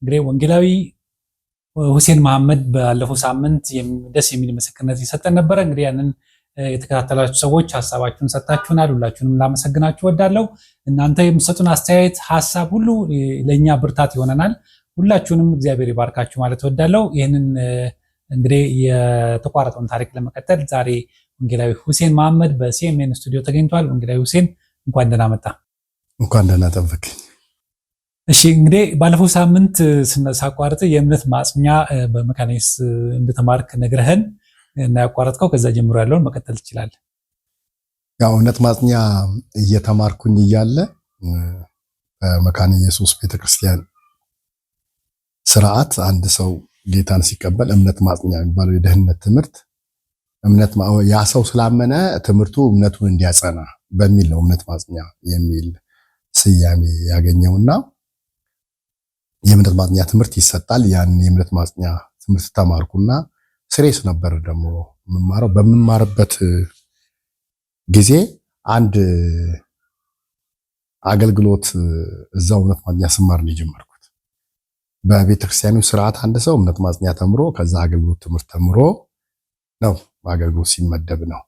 እንግዲህ ወንጌላዊ ሁሴን መሐመድ ባለፈው ሳምንት ደስ የሚል ምስክርነት ይሰጠን ነበረ። እንግዲህ ያንን የተከታተላችሁ ሰዎች ሀሳባችሁን ሰጥታችሁናል። ሁላችሁንም ላመሰግናችሁ ወዳለው እናንተ የምሰጡን አስተያየት፣ ሀሳብ ሁሉ ለእኛ ብርታት ይሆነናል። ሁላችሁንም እግዚአብሔር ይባርካችሁ ማለት ወዳለው ይህንን እንግዲህ የተቋረጠውን ታሪክ ለመቀጠል ዛሬ ወንጌላዊ ሁሴን መሐመድ በሲኤምኤን ስቱዲዮ ተገኝቷል። ወንጌላዊ ሁሴን እንኳን ደህና መጣ። እንኳን ደህና እሺ እንግዲህ ባለፈው ሳምንት ሳቋርጥ የእምነት ማጽኛ በመካኒስ እንደተማርክ ነግረህን እና ያቋረጥከው ከዛ ጀምሮ ያለውን መቀጠል ትችላለህ። ያው እምነት ማጽኛ እየተማርኩኝ እያለ በመካነ ኢየሱስ ቤተክርስቲያን ስርዓት አንድ ሰው ጌታን ሲቀበል እምነት ማጽኛ የሚባለው የደህንነት ትምህርት እምነት ያ ሰው ስላመነ ትምህርቱ እምነቱን እንዲያጸና በሚል ነው እምነት ማጽኛ የሚል ስያሜ ያገኘውና የእምነት ማጽኛ ትምህርት ይሰጣል። ያን የእምነት ማጽኛ ትምህርት ተማርኩና ስሬስ ነበር ደግሞ የምማረው። በምማርበት ጊዜ አንድ አገልግሎት እዛው እምነት ማጽኛ ስማር ነው የጀመርኩት። በቤተክርስቲያኑ ስርዓት አንድ ሰው እምነት ማጽኛ ተምሮ ከዛ አገልግሎት ትምህርት ተምሮ ነው አገልግሎት ሲመደብ ነው።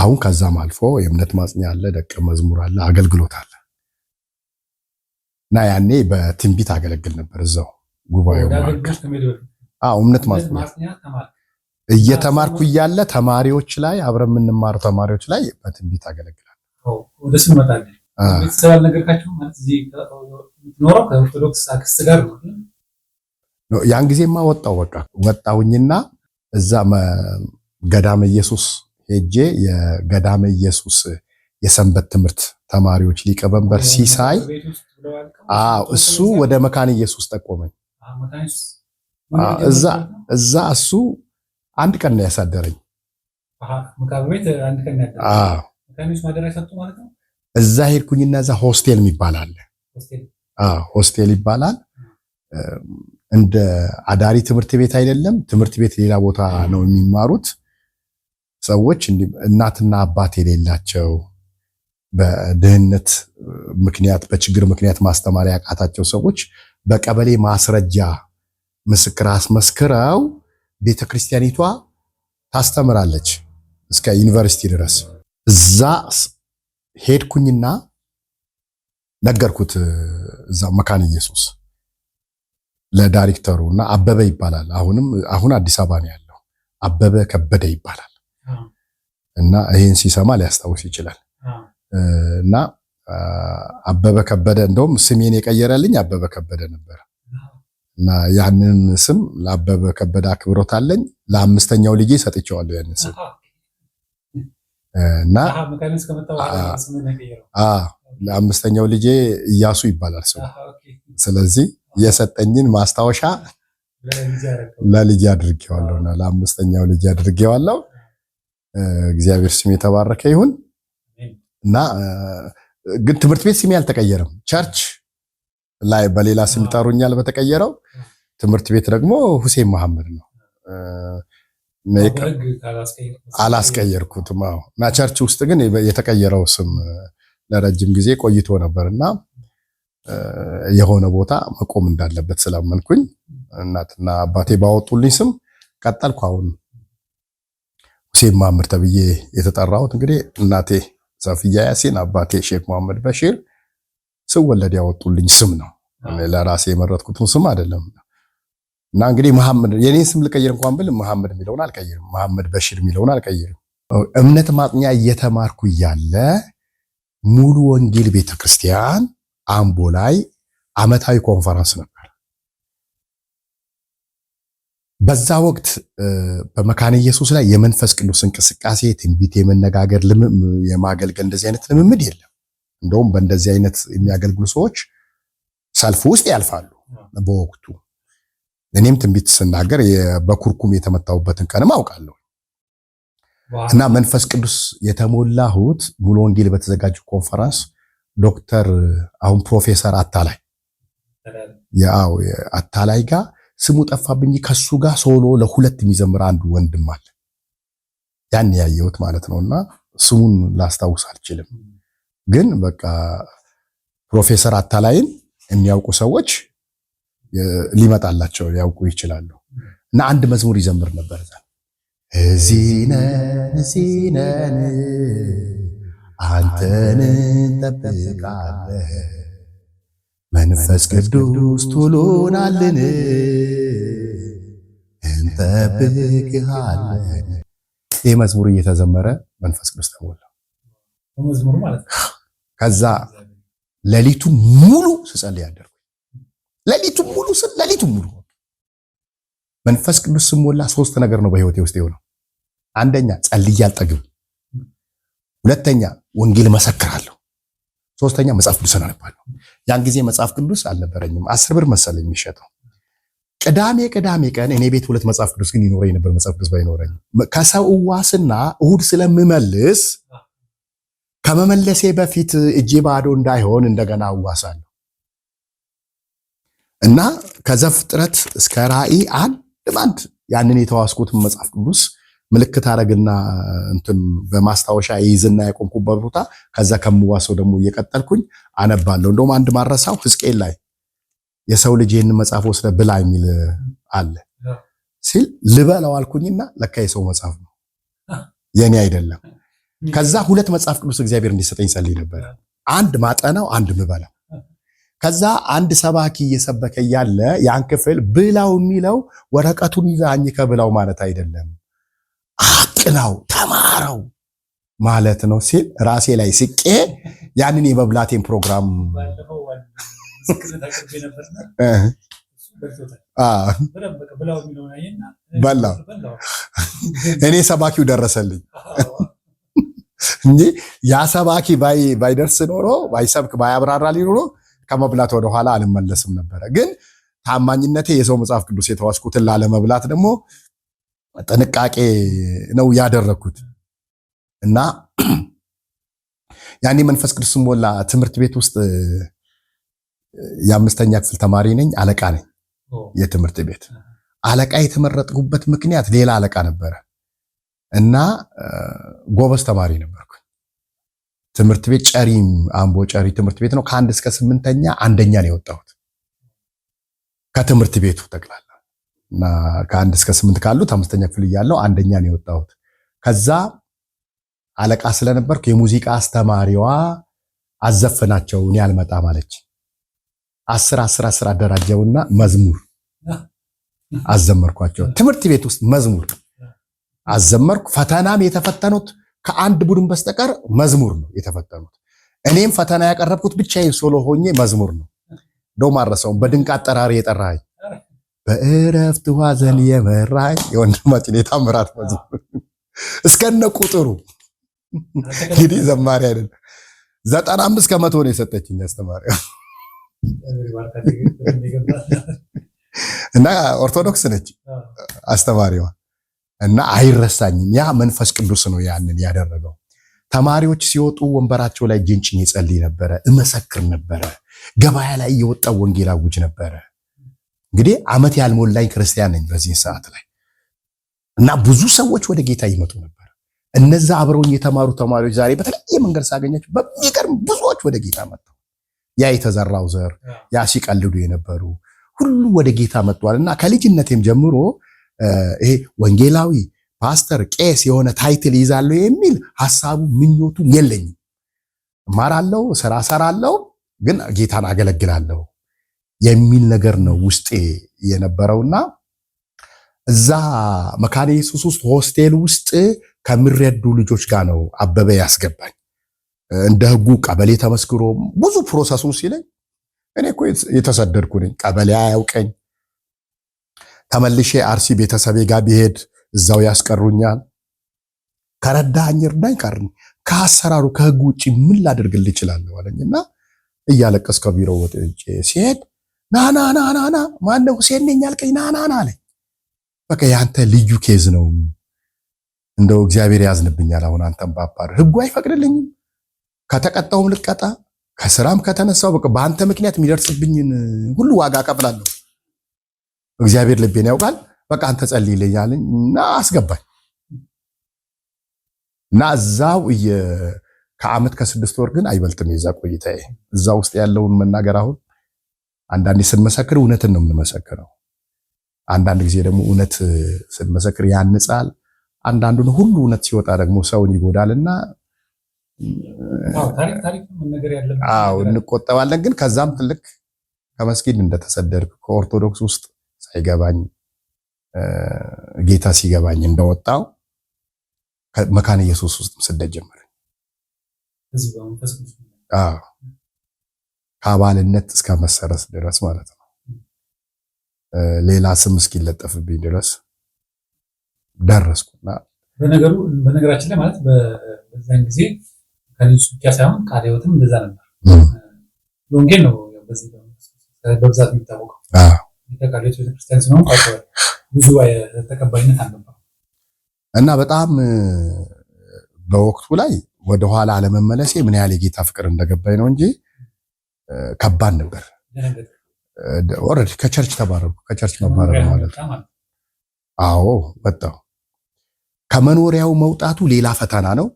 አሁን ከዛም አልፎ የእምነት ማጽኛ አለ፣ ደቀ መዝሙር አለ፣ አገልግሎት አለ። እና ያኔ በትንቢት አገለግል ነበር እዛው ጉባኤው እምነት እየተማርኩ እያለ ተማሪዎች ላይ አብረ የምንማሩ ተማሪዎች ላይ በትንቢት አገለግላል። ያን ጊዜማ ወጣው በቃ ወጣውኝና እዛ ገዳመ ኢየሱስ ሄጄ የገዳመ ኢየሱስ የሰንበት ትምህርት ተማሪዎች ሊቀመንበር ሲሳይ እሱ ወደ መካን ኢየሱስ ጠቆመኝ። እዛ እዛ እሱ አንድ ቀን ነው ያሳደረኝ። እዛ ሄድኩኝና እዛ ሆስቴል የሚባል አለ። ሆስቴል ይባላል። እንደ አዳሪ ትምህርት ቤት አይደለም። ትምህርት ቤት ሌላ ቦታ ነው የሚማሩት ሰዎች እናትና አባት የሌላቸው በድህነት ምክንያት በችግር ምክንያት ማስተማር ያቃታቸው ሰዎች በቀበሌ ማስረጃ ምስክር አስመስክረው ቤተክርስቲያኒቷ ታስተምራለች እስከ ዩኒቨርሲቲ ድረስ። እዛ ሄድኩኝና ነገርኩት እዛ መካን ኢየሱስ ለዳይሬክተሩ እና አበበ ይባላል። አሁንም አሁን አዲስ አበባ ነው ያለው። አበበ ከበደ ይባላል እና ይህን ሲሰማ ሊያስታውስ ይችላል እና አበበ ከበደ እንደውም ስሜን የቀየረልኝ አበበ ከበደ ነበር እና ያንን ስም ለአበበ ከበደ አክብሮት አለኝ። ለአምስተኛው ልጄ ሰጥቼዋለሁ ያንን ስም እና ለአምስተኛው ልጄ እያሱ ይባላል ሰው። ስለዚህ የሰጠኝን ማስታወሻ አድርጌዋለሁ አድርጌዋለሁና ለአምስተኛው ልጅ አድርጌዋለሁ። እግዚአብሔር ስም የተባረከ ይሁን እና ግን ትምህርት ቤት ስሜ አልተቀየረም። ቸርች ላይ በሌላ ስም ጠሩኛል በተቀየረው። ትምህርት ቤት ደግሞ ሁሴን መሐመድ ነው። አላስቀየርኩትም። እና ቸርች ውስጥ ግን የተቀየረው ስም ለረጅም ጊዜ ቆይቶ ነበር እና የሆነ ቦታ መቆም እንዳለበት ስላመንኩኝ እናትና አባቴ ባወጡልኝ ስም ቀጠልኩ። አሁን ሁሴን መሐመድ ተብዬ የተጠራሁት እንግዲህ እናቴ ሰፊያ ያሲን አባቴ ሼክ መሐመድ በሺር ስወለድ ያወጡልኝ ስም ነው። ለራሴ የመረጥኩትን ስም አይደለም። እና እንግዲህ መሐመድ የኔ ስም ልቀይር እንኳን ብል መሐመድ የሚለውን አልቀይርም፣ መሐመድ በሺር የሚለውን አልቀይርም። እምነት ማጥኛ እየተማርኩ እያለ ሙሉ ወንጌል ቤተክርስቲያን አምቦ ላይ አመታዊ ኮንፈረንስ ነው በዛ ወቅት በመካነ ኢየሱስ ላይ የመንፈስ ቅዱስ እንቅስቃሴ፣ ትንቢት የመነጋገር የማገልገል እንደዚህ አይነት ልምምድ የለም። እንደውም በእንደዚህ አይነት የሚያገልግሉ ሰዎች ሰልፍ ውስጥ ያልፋሉ። በወቅቱ እኔም ትንቢት ስናገር በኩርኩም የተመታሁበትን ቀንም አውቃለሁ እና መንፈስ ቅዱስ የተሞላሁት ሙሉ ወንጌል በተዘጋጀ ኮንፈረንስ ዶክተር አሁን ፕሮፌሰር አታላይ አታላይ ጋር ስሙ ጠፋብኝ። ከሱ ጋር ሶሎ ለሁለት የሚዘምር አንዱ ወንድም አለ። ያን ያየሁት ማለት ነውና ስሙን ላስታውስ አልችልም። ግን በቃ ፕሮፌሰር አታላይን የሚያውቁ ሰዎች ሊመጣላቸው ሊያውቁ ይችላሉ። እና አንድ መዝሙር ይዘምር ነበር ዛ እዚህ ነን አንተን እንጠብቃለን መንፈስ ቅዱስ ቶሎናልን እንጠብቅሃለን። ይህ መዝሙር እየተዘመረ መንፈስ ቅዱስ ተሞላ። ከዛ ለሊቱ ሙሉ ስጸልይ አደርኩ። ሌሊቱ ሙሉ ሌሊቱ ሙሉ መንፈስ ቅዱስ ስሞላ ሶስት ነገር ነው በህይወቴ ውስጥ የሆነው። አንደኛ ጸልዬ አልጠግብም። ሁለተኛ ወንጌል መሰክራለሁ። ሶስተኛ መጽሐፍ ቅዱስን አነባለሁ። ያን ጊዜ መጽሐፍ ቅዱስ አልነበረኝም። አስር ብር መሰለኝ የሚሸጠው። ቅዳሜ ቅዳሜ ቀን እኔ ቤት ሁለት መጽሐፍ ቅዱስ ግን ይኖረኝ ነበር። መጽሐፍ ቅዱስ ባይኖረኝ ከሰው እዋስና እሁድ ስለምመልስ ከመመለሴ በፊት እጄ ባዶ እንዳይሆን እንደገና እዋሳለሁ እና ከዘፍጥረት እስከ ራእይ አንድ ባንድ ያንን የተዋስኩትን መጽሐፍ ቅዱስ ምልክት አረግና እንትን በማስታወሻ ይዝና ያቆምኩበት ቦታ ከዛ ከምዋሰው ደግሞ እየቀጠልኩኝ አነባለሁ። እንደውም አንድ ማረሳው ህዝቅኤል ላይ የሰው ልጅ ይህን መጽሐፍ ወስደ ብላ የሚል አለ ሲል ልበለው አልኩኝና ለካ የሰው መጽሐፍ ነው የኔ አይደለም። ከዛ ሁለት መጽሐፍ ቅዱስ እግዚአብሔር እንዲሰጠኝ ጸልይ ነበር። አንድ ማጠናው፣ አንድ ምበላው። ከዛ አንድ ሰባኪ እየሰበከ ያለ ያን ክፍል ብላው የሚለው ወረቀቱን ይዛኝ ከብላው ማለት አይደለም አቅናው፣ ተማረው ማለት ነው ሲል ራሴ ላይ ስቄ ያንን የመብላቴን ፕሮግራም በላው። እኔ ሰባኪው ደረሰልኝ እንጂ ያ ሰባኪ ባይደርስ ኖሮ ባይሰብክ ባያብራራ ሊኖሮ ከመብላት ወደኋላ አልመለስም ነበረ። ግን ታማኝነቴ የሰው መጽሐፍ ቅዱስ የተዋስኩትን ላለመብላት ደግሞ ጥንቃቄ ነው ያደረግኩት እና ያኔ መንፈስ ቅዱስ ሞላ። ትምህርት ቤት ውስጥ የአምስተኛ ክፍል ተማሪ ነኝ። አለቃ ነኝ የትምህርት ቤት አለቃ። የተመረጥኩበት ምክንያት ሌላ አለቃ ነበረ እና ጎበዝ ተማሪ ነበርኩ። ትምህርት ቤት ጨሪም፣ አምቦ ጨሪ ትምህርት ቤት ነው። ከአንድ እስከ ስምንተኛ አንደኛ ነው የወጣሁት ከትምህርት ቤቱ ጠቅላላ እና ከአንድ እስከ ስምንት ካሉት አምስተኛ ክፍል እያለሁ አንደኛ ነው የወጣሁት። ከዛ አለቃ ስለነበርኩ የሙዚቃ አስተማሪዋ አዘፍናቸው እኔ አልመጣም አለች። አስር አስር አስር አደራጀውና መዝሙር አዘመርኳቸው። ትምህርት ቤት ውስጥ መዝሙር አዘመርኩ። ፈተናም የተፈተኑት ከአንድ ቡድን በስተቀር መዝሙር ነው የተፈተኑት። እኔም ፈተና ያቀረብኩት ብቻዬን ሶሎ ሆኜ መዝሙር ነው። ደው አረሰውም በድንቅ አጠራሪ የጠራኝ በእረፍት ዋዘን የመራኝ የወንድማችን የታምራት መዝሙር እስከነ ቁጥሩ እንግዲህ ዘማሪ አይደል ዘጠና አምስት ከመቶ ነው የሰጠችኝ አስተማሪው እና ኦርቶዶክስ ነች አስተማሪዋ እና አይረሳኝም። ያ መንፈስ ቅዱስ ነው ያንን ያደረገው። ተማሪዎች ሲወጡ ወንበራቸው ላይ ጅንጭኝ ይጸልይ ነበረ፣ እመሰክር ነበረ። ገበያ ላይ እየወጣ ወንጌል አውጅ ነበረ። እንግዲህ ዓመት ያልሞላኝ ክርስቲያን ነኝ በዚህ ሰዓት ላይ እና ብዙ ሰዎች ወደ ጌታ ይመጡ ነበር። እነዛ አብረውኝ የተማሩ ተማሪዎች ዛሬ በተለያየ መንገድ ሳገኛቸው በሚገርም ብዙዎች ወደ ጌታ መጡ። ያ የተዘራው ዘር ያ ሲቀልዱ የነበሩ ሁሉ ወደ ጌታ መጥቷል እና ከልጅነቴም ጀምሮ ይሄ ወንጌላዊ ፓስተር፣ ቄስ የሆነ ታይትል ይዛለሁ የሚል ሀሳቡ ምኞቱ የለኝም። እማራለሁ፣ ስራ ሰራለሁ፣ ግን ጌታን አገለግላለሁ የሚል ነገር ነው ውስጤ የነበረውና እዛ መካነ ኢየሱስ ውስጥ ሆስቴል ውስጥ ከሚረዱ ልጆች ጋር ነው አበበ ያስገባኝ። እንደ ህጉ ቀበሌ ተመስክሮ ብዙ ፕሮሰሱ ሲለኝ እኔ እኮ የተሰደድኩ ነኝ፣ ቀበሌ አያውቀኝ። ተመልሼ አርሲ ቤተሰቤ ጋር ቢሄድ እዛው ያስቀሩኛል። ከረዳኝ እርዳኝ፣ ቀር ከአሰራሩ ከህግ ውጭ ምን ላደርግልህ እችላለሁ እና እያለቀስ ከቢሮ ወጥቼ ሲሄድ ናና ና ማነው ሁሴን ነኝ ያልከኝ ናና ና አለ። በቃ የአንተ ልዩ ኬዝ ነው። እንደው እግዚአብሔር ያዝንብኛል። አሁን አንተም ባባር ህጉ አይፈቅድልኝም። ከተቀጣውም ልቀጣ፣ ከስራም ከተነሳው በቃ በአንተ ምክንያት የሚደርስብኝን ሁሉ ዋጋ ቀብላለሁ። እግዚአብሔር ልቤን ያውቃል። በቃ አንተ ጸልይልኝ አለኝ እና አስገባኝ እና እዛው ከአመት ከስድስት ወር ግን አይበልጥም የዛ ቆይታ እዛ ውስጥ ያለውን መናገር አሁን አንዳንዴ ስንመሰክር እውነትን ነው የምንመሰክረው። አንዳንድ ጊዜ ደግሞ እውነት ስንመሰክር ያንጻል። አንዳንዱን ሁሉ እውነት ሲወጣ ደግሞ ሰውን ይጎዳልና አዎ እንቆጠባለን። ግን ከዛም ትልቅ ከመስጊድ እንደተሰደድኩ ከኦርቶዶክስ ውስጥ ሳይገባኝ ጌታ ሲገባኝ እንደወጣው መካነ ኢየሱስ ውስጥ ስደት ጀመረ። አዎ ከአባልነት እስከ መሰረስ ድረስ ማለት ነው። ሌላ ስም እስኪለጠፍብኝ ድረስ ደረስኩና በነገሩ በነገራችን ላይ ማለት በዛን ጊዜ ከልጅ ብቻ ሳይሆን ቃለ ሕይወትም እንደዛ ነበር። ወንጌል ነው በዚህ በብዛት የሚታወቀው ቃለ ሕይወት ቤተክርስቲያን ሲሆን ብዙ ተቀባይነት አልነበረም እና በጣም በወቅቱ ላይ ወደኋላ አለመመለሴ ምን ያህል የጌታ ፍቅር እንደገባኝ ነው እንጂ ከባድ ነበር። ኦልሬዲ ከቸርች ተባረሩ። ከቸርች መባረር ማለት አዎ፣ ወጣው። ከመኖሪያው መውጣቱ ሌላ ፈተና ነው።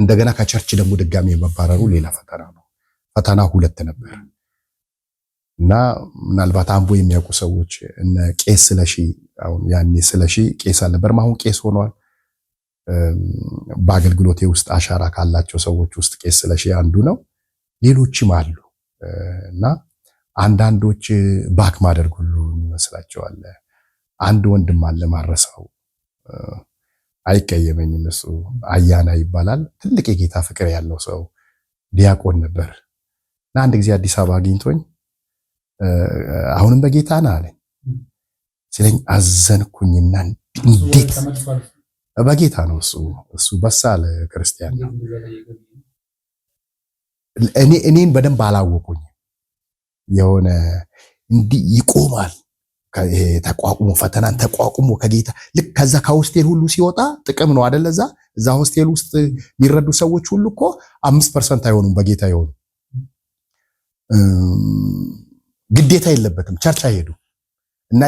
እንደገና ከቸርች ደግሞ ድጋሚ የመባረሩ ሌላ ፈተና ነው። ፈተና ሁለት ነበር እና ምናልባት አምቦ የሚያውቁ ሰዎች እነ ቄስ ስለሺ፣ አሁን ያኔ ስለሺ ቄስ አልነበር፣ አሁን ቄስ ሆኗል። በአገልግሎቴ ውስጥ አሻራ ካላቸው ሰዎች ውስጥ ቄስ ስለሺ አንዱ ነው። ሌሎችም አሉ። እና አንዳንዶች ባክ ማደርግ ሁሉ የሚመስላቸው አለ። አንድ ወንድም አለ ማረሳው አይቀየመኝም። እሱ አያና ይባላል። ትልቅ የጌታ ፍቅር ያለው ሰው ዲያቆን ነበር እና አንድ ጊዜ አዲስ አበባ አግኝቶኝ አሁንም በጌታ ና አለኝ ሲለኝ አዘንኩኝና እንዴት በጌታ ነው እሱ እሱ በሳል ክርስቲያን ነው እኔ እኔን በደንብ አላወቁኝ። የሆነ እንዲህ ይቆማል ተቋቁሞ ፈተናን ተቋቁሞ ከጌታ ልክ ከዛ ከሆስቴል ሁሉ ሲወጣ ጥቅም ነው አደለ? እዛ እዛ ሆስቴል ውስጥ የሚረዱ ሰዎች ሁሉ እኮ አምስት ፐርሰንት አይሆኑም በጌታ የሆኑ ግዴታ የለበትም ቸርች አይሄዱ እና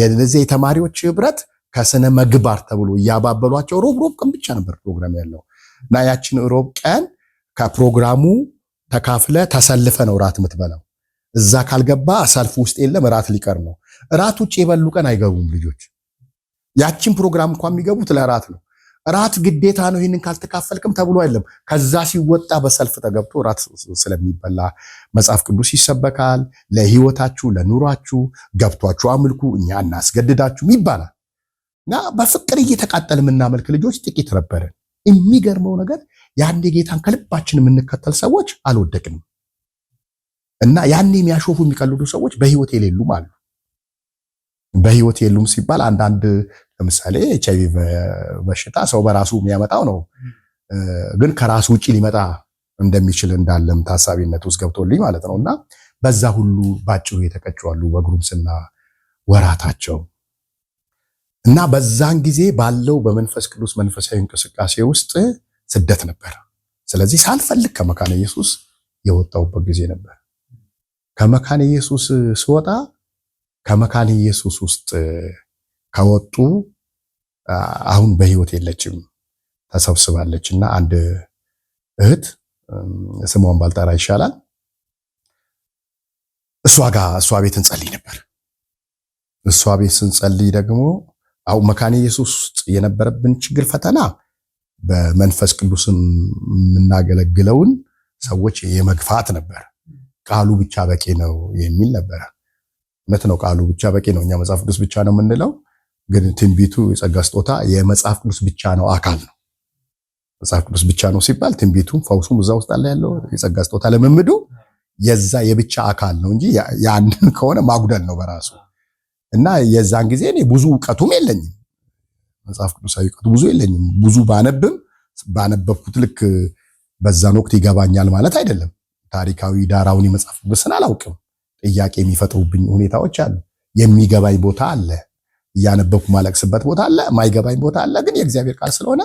የነዚያ የተማሪዎች ህብረት ከስነ መግባር ተብሎ እያባበሏቸው ሮብ ሮብ ቀን ብቻ ነበር ፕሮግራም ያለው እና ያችን ሮብ ቀን ከፕሮግራሙ ተካፍለ ተሰልፈ ነው እራት የምትበላው። እዛ ካልገባ ሰልፍ ውስጥ የለም፣ እራት ሊቀር ነው። እራት ውጭ የበሉ ቀን አይገቡም ልጆች። ያችን ፕሮግራም እንኳ የሚገቡት ለእራት ነው። እራት ግዴታ ነው። ይህንን ካልተካፈልክም ተብሎ አይደለም። ከዛ ሲወጣ በሰልፍ ተገብቶ እራት ስለሚበላ መጽሐፍ ቅዱስ ይሰበካል። ለህይወታችሁ ለኑሯችሁ ገብቷችሁ አምልኩ፣ እኛ እናስገድዳችሁም ይባላል እና በፍቅር እየተቃጠል የምናመልክ ልጆች ጥቂት ነበርን። የሚገርመው ነገር ያኔ ጌታን ከልባችን የምንከተል ሰዎች አልወደቅንም እና ያኔ የሚያሾፉ የሚቀልዱ ሰዎች በህይወት የሌሉም አሉ። በህይወት የሉም ሲባል አንዳንድ ለምሳሌ ኤች አይቪ በሽታ ሰው በራሱ የሚያመጣው ነው፣ ግን ከራሱ ውጭ ሊመጣ እንደሚችል እንዳለም ታሳቢነት ውስጥ ገብቶልኝ ማለት ነው እና በዛ ሁሉ ባጭሩ የተቀጩ አሉ በጉርምስና ወራታቸው እና በዛን ጊዜ ባለው በመንፈስ ቅዱስ መንፈሳዊ እንቅስቃሴ ውስጥ ስደት ነበር። ስለዚህ ሳልፈልግ ከመካነ ኢየሱስ የወጣውበት ጊዜ ነበር። ከመካነ ኢየሱስ ስወጣ ከመካነ ኢየሱስ ውስጥ ከወጡ አሁን በህይወት የለችም ተሰብስባለች እና አንድ እህት ስሟን ባልጠራ ይሻላል እሷ ጋር እሷ ቤት እንጸልይ ነበር። እሷ ቤት ስንጸልይ ደግሞ አሁን መካነ ኢየሱስ ውስጥ የነበረብን ችግር ፈተና በመንፈስ ቅዱስም የምናገለግለውን ሰዎች የመግፋት ነበር። ቃሉ ብቻ በቂ ነው የሚል ነበረ። እውነት ነው፣ ቃሉ ብቻ በቂ ነው። እኛ መጽሐፍ ቅዱስ ብቻ ነው የምንለው፣ ግን ትንቢቱ የጸጋ ስጦታ የመጽሐፍ ቅዱስ ብቻ ነው አካል ነው። መጽሐፍ ቅዱስ ብቻ ነው ሲባል ትንቢቱም ፈውሱም እዛ ውስጥ አለ ያለው የጸጋ ስጦታ ለመምዱ የዛ የብቻ አካል ነው እንጂ ያንን ከሆነ ማጉደል ነው በራሱ እና የዛን ጊዜ እኔ ብዙ እውቀቱም የለኝም መጽሐፍ ቅዱሳዊ እውቀቱ ብዙ የለኝም። ብዙ ባነብም ባነበብኩት ልክ በዛን ወቅት ይገባኛል ማለት አይደለም። ታሪካዊ ዳራውን የመጽሐፍ ቅዱስን አላውቅም። ጥያቄ የሚፈጥሩብኝ ሁኔታዎች አሉ። የሚገባኝ ቦታ አለ፣ እያነበብኩ ማለቅስበት ቦታ አለ፣ ማይገባኝ ቦታ አለ። ግን የእግዚአብሔር ቃል ስለሆነ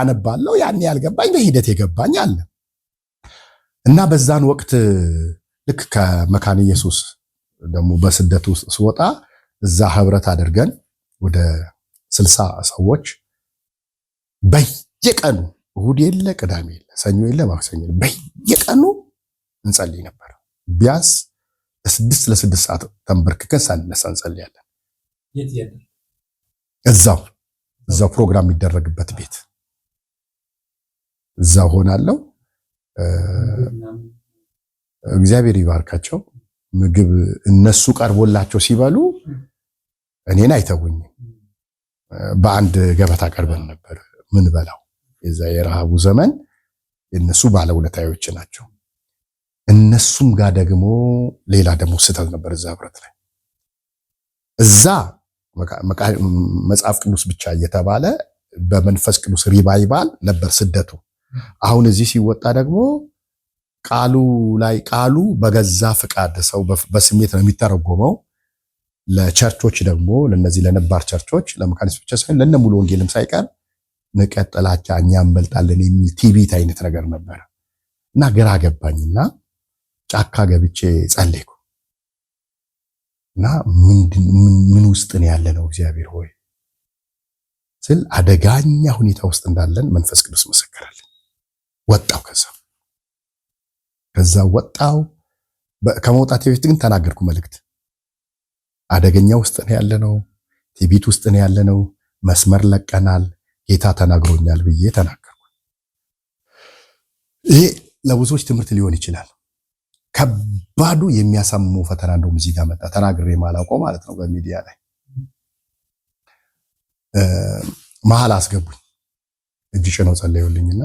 አነባለው። ያን ያልገባኝ በሂደት የገባኝ አለ እና በዛን ወቅት ልክ ከመካነ ኢየሱስ ደግሞ በስደት ውስጥ ስወጣ እዛ ህብረት አድርገን ወደ ስልሳ ሰዎች በየቀኑ እሁድ የለ ቅዳሜ የለ ሰኞ የለ ማክሰኞ የለ በየቀኑ እንጸልይ ነበር። ቢያንስ ለስድስት ለስድስት ሰዓት ተንበርክከን ሳንነሳ እንጸልያለን። እዛው እዛው ፕሮግራም የሚደረግበት ቤት እዛ ሆናለው። እግዚአብሔር ይባርካቸው። ምግብ እነሱ ቀርቦላቸው ሲበሉ እኔን አይተውኝም። በአንድ ገበታ ቀርበን ነበር ምን በላው። የዛ የረሃቡ ዘመን የነሱ ባለውለታዎች ናቸው። እነሱም ጋር ደግሞ ሌላ ደግሞ ስህተት ነበር እዛ ህብረት ላይ እዛ መጽሐፍ ቅዱስ ብቻ እየተባለ በመንፈስ ቅዱስ ሪቫይቫል ነበር ስደቱ። አሁን እዚህ ሲወጣ ደግሞ ቃሉ ላይ ቃሉ በገዛ ፍቃድ ሰው በስሜት ነው የሚተረጎመው። ለቸርቾች ደግሞ ለነዚህ ለነባር ቸርቾች ለመካኒስ ብቻ ሳይሆን ለነ ሙሉ ወንጌልም ሳይቀር ንቀት፣ ጥላቻ፣ እኛ እንበልጣለን የሚል ቲቢት አይነት ነገር ነበረ እና ግራ ገባኝና ጫካ ገብቼ ጸለይኩ እና ምን ውስጥ ነው ያለ ነው እግዚአብሔር ሆይ ስል አደጋኛ ሁኔታ ውስጥ እንዳለን መንፈስ ቅዱስ መሰከረልን። ወጣው ከዛ ከዛ ወጣው ከመውጣት በፊት ግን ተናገርኩ መልእክት አደገኛ ውስጥ ነው ያለነው፣ ትዕቢት ውስጥ ነው ያለነው፣ መስመር ለቀናል፣ ጌታ ተናግሮኛል ብዬ ተናገርኩ። ይሄ ለብዙዎች ትምህርት ሊሆን ይችላል። ከባዱ የሚያሳምመው ፈተና እንደውም እዚህ ጋር መጣ። ተናግሬ ማላውቀው ማለት ነው በሚዲያ ላይ መሀል አስገቡኝ። እጅ ጭነው ጸለዩልኝና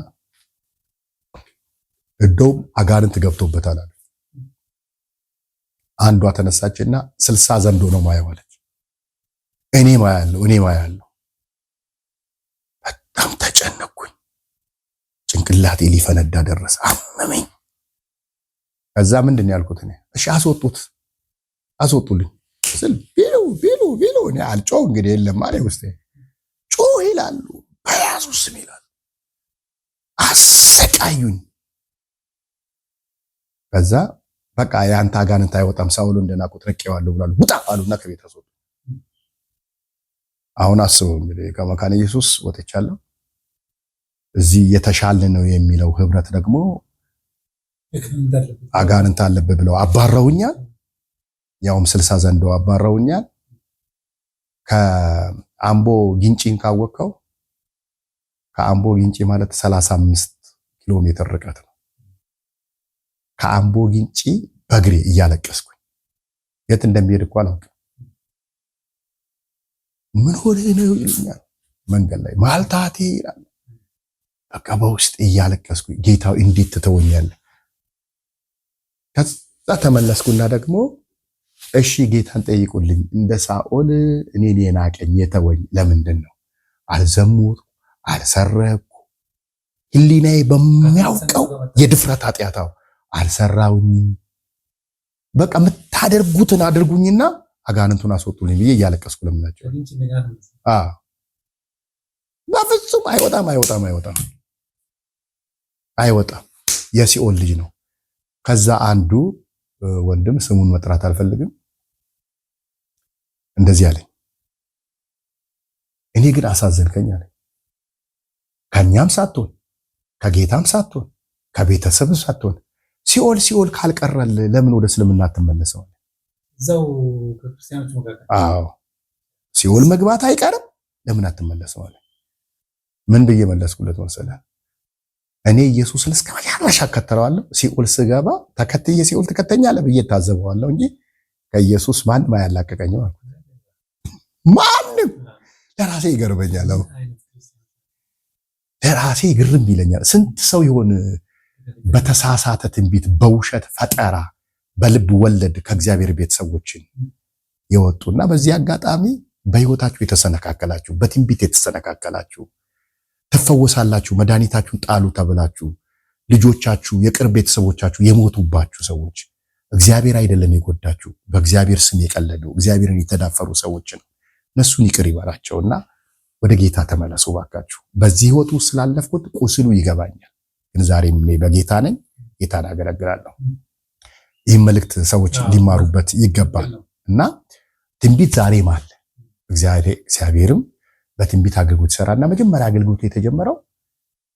እንደውም አጋንንት ገብቶበታል አሉ። አንዷ ተነሳችና ስልሳ ዘንዶ ነው ማየው አለች። እኔ ማያለሁ እኔ ማያለሁ። በጣም ተጨነኩኝ። ጭንቅላቴ ሊፈነዳ ደረሰ። አመመኝ። ከዛ ምንድን ያልኩት እኔ እሺ አስወጡት አስወጡልኝ ስል ቢሉ ቢሉ ቢሉ እኔ አልጮህ እንግዲህ የለም ማለት ውስጤ ጮህ ይላሉ፣ በያዙ ስም ይላሉ። አሰቃዩኝ ከዛ በቃ የአንተ አጋንንት አይወጣም ሳውል እንደናቁት ረቄዋለሁ ብላሉ። ውጣ አሉና ከቤት አስወጡ። አሁን አስበው እንግዲህ ከመካነ ኢየሱስ ወጥቻለሁ። እዚህ የተሻለ ነው የሚለው ህብረት ደግሞ አጋንንት አለብህ ብለው አባረውኛል። ያውም ስልሳ ዘንዶ አባረውኛል። ከአምቦ ጊንጪን ካወቀው ከአምቦ ጊንጪ ማለት ሰላሳ አምስት ኪሎ ሜትር ርቀት ነው። ከአምቦ ግንጪ በእግሬ እያለቀስኩኝ የት እንደሚሄድ እኮ አላውቅም። ምን ሆነ ነው ይሉኛል። መንገድ ላይ ማልታቴ ይላል። በቃ በውስጥ እያለቀስኩ ጌታው እንዴት ትተወኛለህ? ከዛ ተመለስኩና ደግሞ እሺ ጌታን ጠይቁልኝ፣ እንደ ሳኦል እኔን የናቀኝ የተወኝ ለምንድን ነው? አልዘሙት፣ አልሰረኩ ህሊናዬ በሚያውቀው የድፍረት ኃጢአታው አልሰራውኝም። በቃ የምታደርጉትን አድርጉኝና አጋንንቱን አስወጡልኝ ብዬ እያለቀስኩ ለምናቸው። በፍጹም አይወጣም፣ አይወጣም፣ አይወጣም፣ አይወጣም። የሲኦል ልጅ ነው። ከዛ አንዱ ወንድም ስሙን መጥራት አልፈልግም እንደዚህ አለኝ። እኔ ግን አሳዘንከኝ አለኝ። ከኛም ሳትሆን ከጌታም ሳትሆን ከቤተሰብ ሳትሆን ሲኦል ሲኦል ካልቀረል ለምን ወደ እስልምና አትመለሰው? እዛው አዎ፣ ሲኦል መግባት አይቀርም። ለምን አትመለሰው? ምን ብዬ መለስኩለት መሰለህ? እኔ ኢየሱስን እስከ መጨረሻ እከተለዋለሁ፣ ሲኦል ስገባ ተከትዬ ሲኦል ትከተኛለህ ብዬ ታዘበዋለሁ እንጂ ከኢየሱስ ማንም አያላቀቀኝም አልኩት። ማንም ለራሴ ይገርመኛል፣ ለራሴ ግርም ይለኛል። ስንት ሰው ይሆን በተሳሳተ ትንቢት፣ በውሸት ፈጠራ፣ በልብ ወለድ ከእግዚአብሔር ቤት ሰዎችን የወጡና በዚህ አጋጣሚ በህይወታችሁ የተሰነካከላችሁ፣ በትንቢት የተሰነካከላችሁ ትፈወሳላችሁ፣ መድኃኒታችሁን ጣሉ ተብላችሁ ልጆቻችሁ፣ የቅርብ ቤተሰቦቻችሁ የሞቱባችሁ ሰዎች እግዚአብሔር አይደለም የጎዳችሁ፣ በእግዚአብሔር ስም የቀለዱ እግዚአብሔርን የተዳፈሩ ነው። እነሱን ይቅር ይበላቸውና ወደ ጌታ ተመለሱ ባካችሁ። በዚህ ህይወት ውስጥ ስላለፍኩት ቁስሉ ይገባኛል። ግን ዛሬም እኔ በጌታ ነኝ፣ ጌታን አገለግላለሁ። ይህም መልእክት ሰዎች ሊማሩበት ይገባል እና ትንቢት ዛሬም አለ። እግዚአብሔርም በትንቢት አገልግሎት ይሰራና መጀመሪያ አገልግሎት የተጀመረው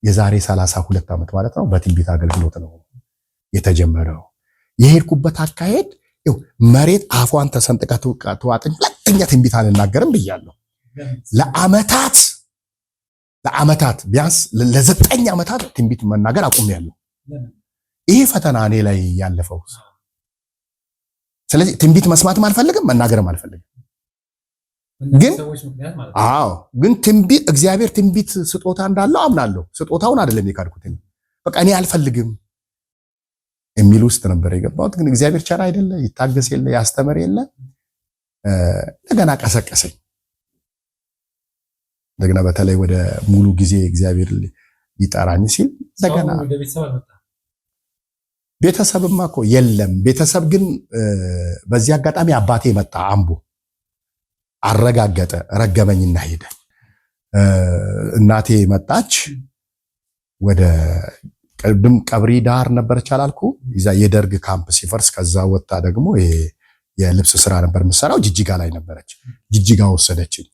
የዛሬ ሰላሳ ሁለት ዓመት ማለት ነው። በትንቢት አገልግሎት ነው የተጀመረው። የሄድኩበት አካሄድ መሬት አፏን ተሰንጥቃ ተዋጠኝ። ሁለተኛ ትንቢት አልናገርም ብያለሁ ለአመታት ለአመታት ቢያንስ ለዘጠኝ ዓመታት ትንቢት መናገር አቁሜያለሁ። ይሄ ፈተና እኔ ላይ ያለፈው። ስለዚህ ትንቢት መስማትም አልፈልግም መናገርም አልፈልግም። ግን አዎ፣ ግን ትንቢት እግዚአብሔር ትንቢት ስጦታ እንዳለው አምናለሁ። ስጦታውን አይደለም የካድኩት። በቃ እኔ አልፈልግም የሚል ውስጥ ነበር የገባሁት። ግን እግዚአብሔር ቸር አይደለ? ይታገስ የለ? ያስተምር የለ? እንደገና ቀሰቀሰኝ። እንደገና በተለይ ወደ ሙሉ ጊዜ እግዚአብሔር ሊጠራኝ ሲል እንደገና ቤተሰብማ እኮ የለም። ቤተሰብ ግን በዚህ አጋጣሚ አባቴ መጣ አምቦ አረጋገጠ፣ ረገመኝና ሄደ። እናቴ መጣች ወደ ቅድም ቀብሪ ዳር ነበረች አላልኩ ይዛ የደርግ ካምፕ ሲፈርስ ከዛ ወጣ ደግሞ የልብስ ስራ ነበር የምሰራው ጅጅጋ ላይ ነበረች። ጅጅጋ ወሰደችኝ።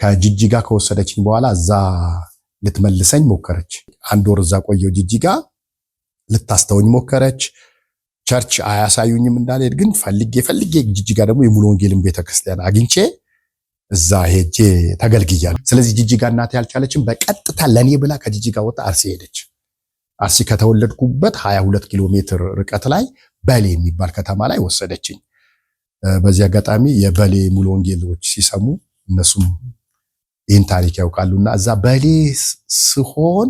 ከጅጅጋ ከወሰደችኝ በኋላ እዛ ልትመልሰኝ ሞከረች። አንድ ወር እዛ ቆየው ጅጅጋ። ልታስተውኝ ሞከረች። ቸርች አያሳዩኝም እንዳልሄድ ግን ፈልጌ ፈልጌ ጅጅጋ ደግሞ የሙሉ ወንጌልን ቤተክርስቲያን አግኝቼ እዛ ሄጄ ተገልግያል። ስለዚህ ጅጅጋ እናቴ ያልቻለችም በቀጥታ ለእኔ ብላ ከጅጅጋ ወጣ አርሲ ሄደች። አርሲ ከተወለድኩበት 22 ኪሎ ሜትር ርቀት ላይ በሌ የሚባል ከተማ ላይ ወሰደችኝ። በዚህ አጋጣሚ የበሌ ሙሉ ወንጌሎች ሲሰሙ እነሱም ይህን ታሪክ ያውቃሉና እዛ በሌ ስሆን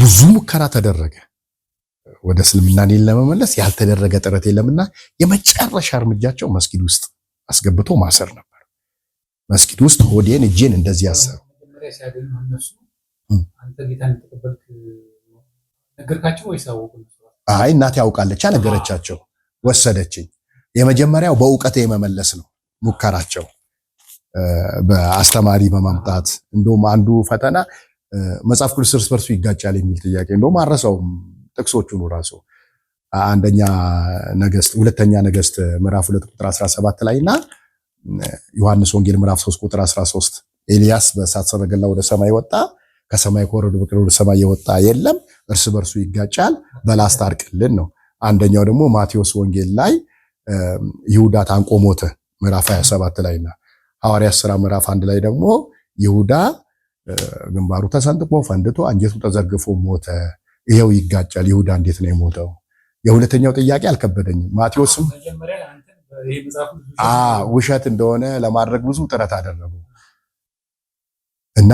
ብዙ ሙከራ ተደረገ። ወደ እስልምና እኔን ለመመለስ ያልተደረገ ጥረት የለምና የመጨረሻ እርምጃቸው መስጊድ ውስጥ አስገብቶ ማሰር ነበር። መስጊድ ውስጥ ሆዴን እጄን እንደዚህ ያሰሩ። አይ እናቴ ያውቃለች ነገረቻቸው፣ ወሰደችኝ። የመጀመሪያው በእውቀት የመመለስ ነው ሙከራቸው። በአስተማሪ በማምጣት እንደውም አንዱ ፈተና መጽሐፍ ቅዱስ እርስ በርሱ ይጋጫል የሚል ጥያቄ እንደውም አረሳውም ጥቅሶቹን ራሱ አንደኛ ነገስት ሁለተኛ ነገስት ምዕራፍ 2 ቁጥር 17 ላይ እና ዮሐንስ ወንጌል ምዕራፍ 3 ቁጥር 13 ኤልያስ በእሳት ሰረገላ ወደ ሰማይ ወጣ፣ ከሰማይ ከወረዱ በቀር ወደ ሰማይ የወጣ የለም፣ እርስ በርሱ ይጋጫል፣ በላስት አርቅልን ነው። አንደኛው ደግሞ ማቴዎስ ወንጌል ላይ ይሁዳ ታንቆ ሞተ ምዕራፍ 27 ላይ ላይና ሐዋርያት ሥራ ምዕራፍ አንድ ላይ ደግሞ ይሁዳ ግንባሩ ተሰንጥቆ ፈንድቶ አንጀቱ ተዘርግፎ ሞተ። ይሄው ይጋጫል። ይሁዳ እንዴት ነው የሞተው? የሁለተኛው ጥያቄ አልከበደኝም። ማቴዎስም ውሸት እንደሆነ ለማድረግ ብዙ ጥረት አደረጉ እና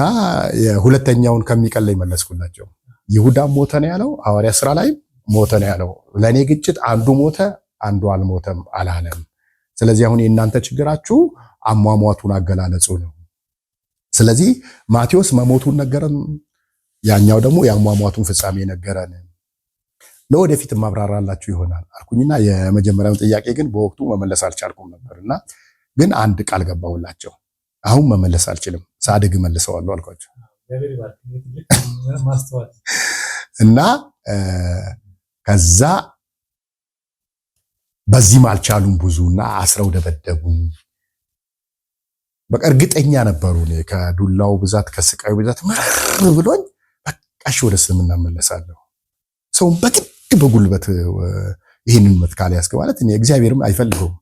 ሁለተኛውን ከሚቀለኝ መለስኩላቸው። ይሁዳም ሞተ ነው ያለው፣ ሐዋርያት ስራ ላይ ሞተ ነው ያለው። ለእኔ ግጭት አንዱ ሞተ አንዱ አልሞተም አላለም። ስለዚህ አሁን የእናንተ ችግራችሁ አሟሟቱን አገላለጹ ነው። ስለዚህ ማቴዎስ መሞቱን ነገረን፣ ያኛው ደግሞ የአሟሟቱን ፍጻሜ ነገረን። ለወደፊት ማብራራላችሁ ይሆናል አልኩኝና የመጀመሪያውን ጥያቄ ግን በወቅቱ መመለስ አልቻልኩም ነበርና ግን አንድ ቃል ገባሁላቸው። አሁን መመለስ አልችልም፣ ሳድግ መልሰዋለሁ አልኳቸው እና ከዛ በዚህም አልቻሉም ብዙና አስረው ደበደቡን በቃ እርግጠኛ ነበሩ። እኔ ከዱላው ብዛት ከስቃዩ ብዛት መረር ብሎኝ በቃሽ ወደ እስልምና መለሳለሁ። ሰውን በግድ በጉልበት ይህንን መትካል ያስገ ማለት እኔ እግዚአብሔርም አይፈልገውም።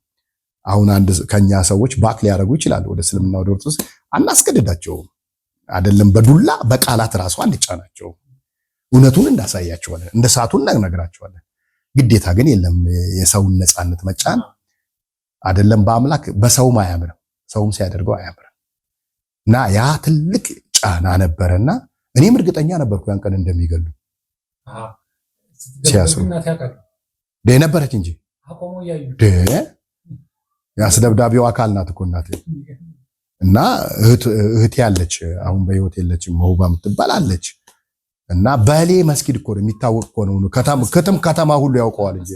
አሁን አንድ ከኛ ሰዎች ባክ ሊያደርጉ ይችላሉ። ወደ እስልምና ወደ ኦርቶዶክስ አናስገድዳቸውም። አይደለም በዱላ በቃላት ራሱ አንጫናቸው። እውነቱን እንዳሳያቸዋለን፣ እንደ ሰዓቱን እናነግራቸዋለን። ግዴታ ግን የለም የሰውን ነፃነት መጫን አይደለም። በአምላክ በሰውም አያምርም። ሰውም ሲያደርገው አያምርም እና ያ ትልቅ ጫና ነበረና እኔም እርግጠኛ ነበርኩ ያን ቀን እንደሚገሉ ነበረች እንጂ ያስደብዳቤው አካል ናት እኮ እናቴ። እና እህቴ አለች፣ አሁን በህይወት የለች መውባ የምትባል አለች። እና በሌ መስጊድ እኮ ነው የሚታወቅ እኮ ነው፣ ከተማ ሁሉ ያውቀዋል እንጂ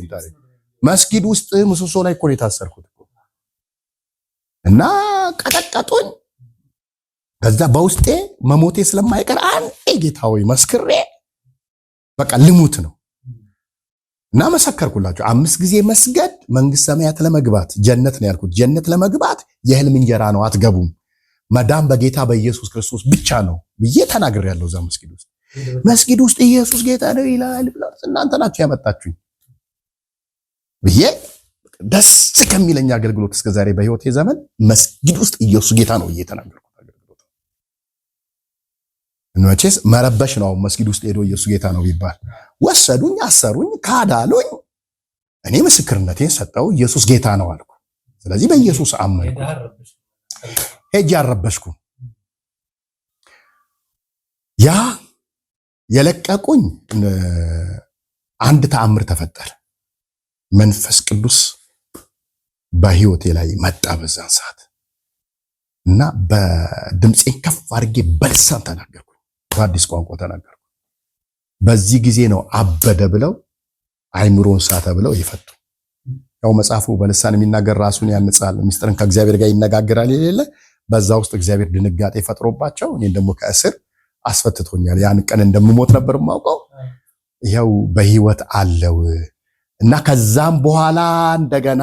መስጊድ ውስጥ ምሰሶ ላይ እኮ ነው የታሰርኩት። እና ቀጠቀጡኝ። ከዛ በውስጤ መሞቴ ስለማይቀር አንዴ ጌታዊ መስክሬ በቃ ልሙት ነው እና መሰከርኩላቸው። አምስት ጊዜ መስገድ መንግስት ሰማያት ለመግባት ጀነት ነው ያልኩት። ጀነት ለመግባት የህልም እንጀራ ነው፣ አትገቡም። መዳም በጌታ በኢየሱስ ክርስቶስ ብቻ ነው ብዬ ተናግር ያለው እዛ መስጊድ ውስጥ መስጊድ ውስጥ ኢየሱስ ጌታ ነው ይላል። እናንተ ናችሁ ያመጣችሁኝ ብዬ ደስ ከሚለኝ አገልግሎት እስከ ዛሬ በህይወቴ ዘመን መስጊድ ውስጥ ኢየሱስ ጌታ ነው እየተናገርኩት አገልግሎት መቼስ መረበሽ ነው። መስጊድ ውስጥ ሄዶ ኢየሱስ ጌታ ነው ይባል። ወሰዱኝ፣ አሰሩኝ፣ ካዳሉኝ። እኔ ምስክርነቴን ሰጠው። ኢየሱስ ጌታ ነው አልኩ። ስለዚህ በኢየሱስ አመንኩ። ሄጅ አረበሽኩ። ያ የለቀቁኝ አንድ ተአምር ተፈጠረ። መንፈስ ቅዱስ በህይወቴ ላይ መጣ በዛን ሰዓት እና በድምፄን ከፍ አድርጌ በልሳን ተናገርኩ፣ በአዲስ ቋንቋ ተናገርኩ። በዚህ ጊዜ ነው አበደ ብለው አይምሮን ሳተ ብለው ይፈቱ። ያው መጽሐፉ በልሳን የሚናገር ራሱን ያንጻል፣ ምስጢርን ከእግዚአብሔር ጋር ይነጋገራል የሌለ በዛ ውስጥ እግዚአብሔር ድንጋጤ ፈጥሮባቸው እኔን ደግሞ ከእስር አስፈትቶኛል። ያን ቀን እንደምሞት ነበር የማውቀው። ይኸው በህይወት አለው እና ከዛም በኋላ እንደገና